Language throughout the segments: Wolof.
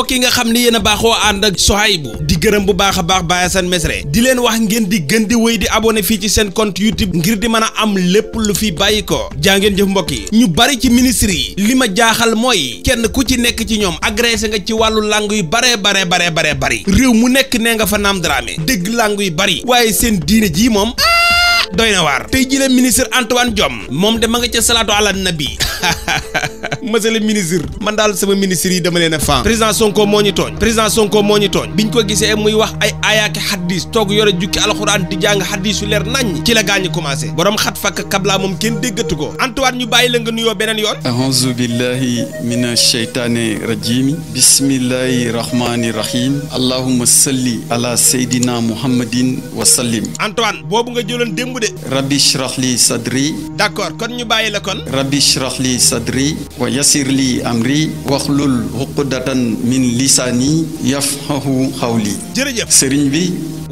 mbokk yi nga xam ni yéen a baaxoo ànd ak Sohaibou di gërëm bu baax a baax Baye Assane Mesre di leen wax ngeen di gën di wéy di abonné fii ci seen compte YouTube ngir di mën a am lépp lu fi bàyyi ko jaa ngeen jëf mbokk yi ñu bari ci ministre yi li ma jaaxal mooy kenn ku ci nekk ci ñoom agressé nga ci wàllu langue yu baree baree baree baree bari réew mu nekk nee nga fa naam dramé dégg langue yu bari waaye seen diine jii moom doy na waar tey jii la ministre Antoine jom moom de nga ca salaatu ala nabi monsieur le ministre man daal sama ministre yi dama leen a faam président Sonko moo ñu tooñ président Sonko moo ñu tooñ biñ ko gisee muy wax ay ayaaki xaddis toog yore jukki alxuraan di jàng xaddis yu leer nañ ci la gaañu commencé borom xat fakk kabla moom kenn déggatu ko Antoine ñu bàyyi la nga nuyoo beneen yoon ahousu billahi min asheytaani rajimi bismillahi rahmani rahim allahuma salli ala seydina muhammadin wa boobu nga jëloon démb de rabbi shrah li sadri d'accord kon ñu bàyyi la kon rabbi shrah li sadri wa yasir lii amri waxlul uqdatan min lisaani yafqahu xawli jërëjëf sëriñ bi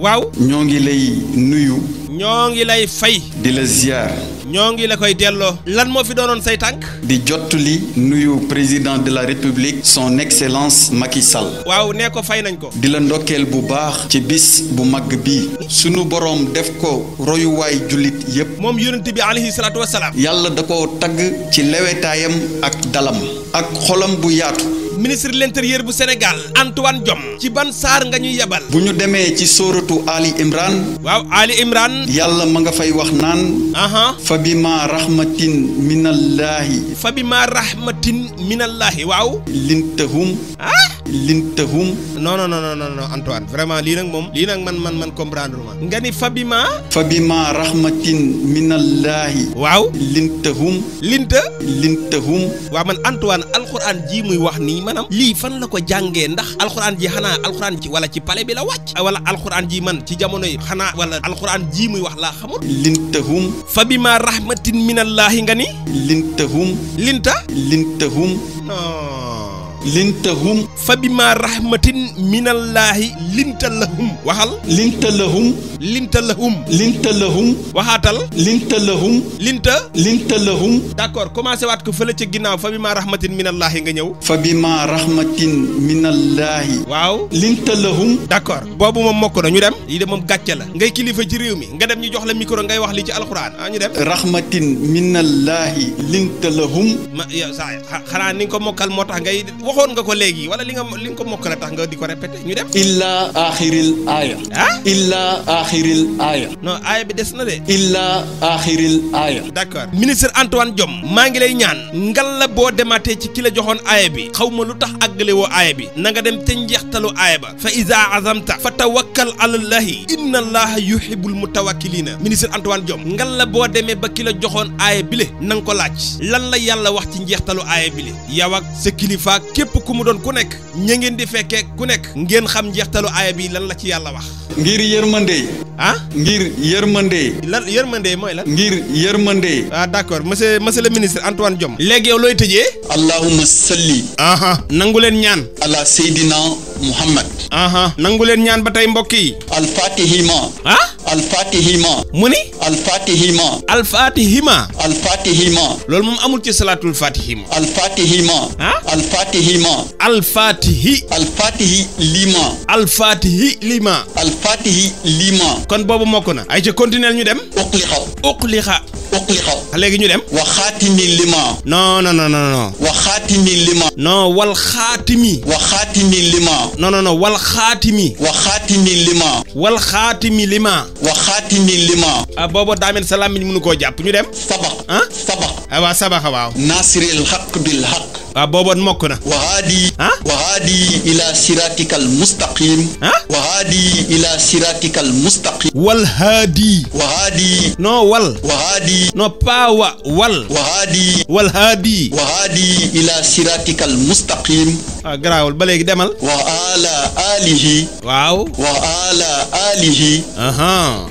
waaw ñoo ngi lay nuyu ñoo ngi lay fay. di la ziar. ñoo ngi la koy delloo. lan moo fi doonoon say tànk. di jottali nuyu président de la république. son excellence Macky sal waaw nee ko fay nañ ko. di la ndokkeel bu baax. ci bis bu mag bi sunu borom def ko royuwaay jullit yépp moom yonent bi à salaatu wa salaam. yàlla da ko tagg ci lewetaayam ak dalam. ak xolam bu yaatu. ministre de l'intérieur bu Sénégal Antoine jom ci ban saar nga ñuy yebal. bu ñu demee ci sóoratu Ali Imran. waaw Ali Imran. yàlla ma nga fay wax naan. fa bi ma rahmatin minallaahi. fa bi ma rahmatin minallaahi waaw. lintahum. Ah. lintahum non non non non non Antoine vraiment lii nag moom lii nag man man man comprendre ma nga ni fabima fabima rahmatin minallaahi waaw lintahum linta lintahum waaw man Antoine alxuraan ji muy wax nii maanaam lii fan la ko jàngee ndax alxuraan ji xanaa alxuraan ci wala ci pale bi la wàcc wala alxuraan ji man ci jamono yi xanaa wala alxuraan ji muy wax laa xamul lintahum fabima rahmatin minallaahi nga ni lintahum linta lintahum non lintahum fa bima rahmatin minallaahi linta lahum waxal linta lahum linta lahum linta lahum waxaatal linta lahum linta linta lahum d'accord commencé waat ko fële ci ginnaaw fa bima rahmatin minallaahi nga ñëw fa bima rahmatin minallaahi waaw linta lahum d'accord boobu moom mokk na ñu dem lii de moom gàcce la ngay kilifa ci réew mi nga dem ñi jox la micro ngay wax li ci alxuraan ah ñu dem rahmatin minallaahi linta lahum ma yow saa xanaa ni nga ko mokkal moo tax ngay waxoon nga ko léegi wala li nga li nga ko mokk la tax nga di ko répété ñu dem. illa axiril aaya. ah illa axiril aaya. non aaya bi des na de. illa axiril aaya. d'accord ministre Antoine Diome maa ngi lay ñaan ngal boo demaatee ci kila joxoon aaya bi xaw ma lu tax àggale woo aaya bi na nga dem te njeextalu aaya ba fa iza azamta fa tawakkal alallahi inna allaha yuhibbul mutawakkilina ministre Antoine Diome ngal la boo demee ba ki la joxoon aaya bi le na nga ko laaj lan la yàlla wax ci njeextalu aaya bi le yow ak sa kilifa képp ku mu doon ku nekk ña ngeen di fekkee ku nekk ngeen xam njeextalu aaya bi lan la ci yàlla wax ngir yërmande ah ngir yërmande lan yërmande mooy lan ngir yërmande ah d'accord monsieur monsieur le ministre Antoine Diome léegi yow looy tëjee allahumma salli aha nangu leen ñaan ala seydina Muhammad. nangu leen ñaan ba tey mbokk yi. alfatihima. ah. alfatihima. mu ni. alfatihima. alfatihima. alfatihima. loolu moom amul ci salaatul fatihima. alfatihima. ah. alfatihima. alfatihi. alfatihi lima. alfatihi lima. alfatihi lima. kon boobu mokk na. ay ca continuer ñu dem. uqlixa. uqlixa. fokk ah, léegi ñu dem. wa xaatimi lima. non non non non. wa xaatimi lima. non wal xaatimi. wa xaatimi wa xaatimi lima. wal xaatimi lima. wa xaatimi lima. ah boobu daamen salaam mi mënu koo jàpp ñu dem. sabax. ah sabax. ah waa sabax waaw. nasiril xaq bil xaq. waaw ah, booboon mokk na wahaadi ah wahaadi ila siratikal mustaqim ah wahaadi ila siratikal mustaqim wal haadi wahaadi non wal wahaadi non pas wa wal wahaadi wal haadi wahaadi ila siratikal mustaqim ah garaawul ba léegi demal. wa ala alihi. waaw. wa ala alihi.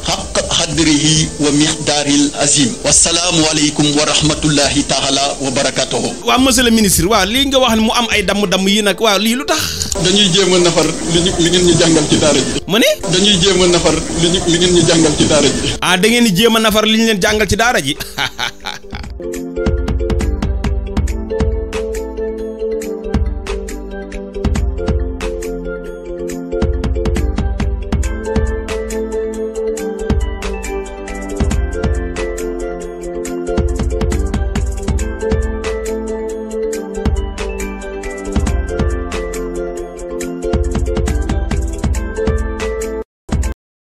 xaq xadrihi wa mixdaaril azim. wasalaamualeykum wa rahmatullahi taala wa barakatuhu. waaw monsieur le ministre waaw lii nga wax ne mu am ay damm-damm yi nag waaw lii lu tax. dañuy jéem a nafar li ñu li ngeen ñu jàngal ci daara ji. mu ne. dañuy jéem a nafar li ñu li ngeen ñu jàngal ci daara ji. Ah, da ngeen di a nafar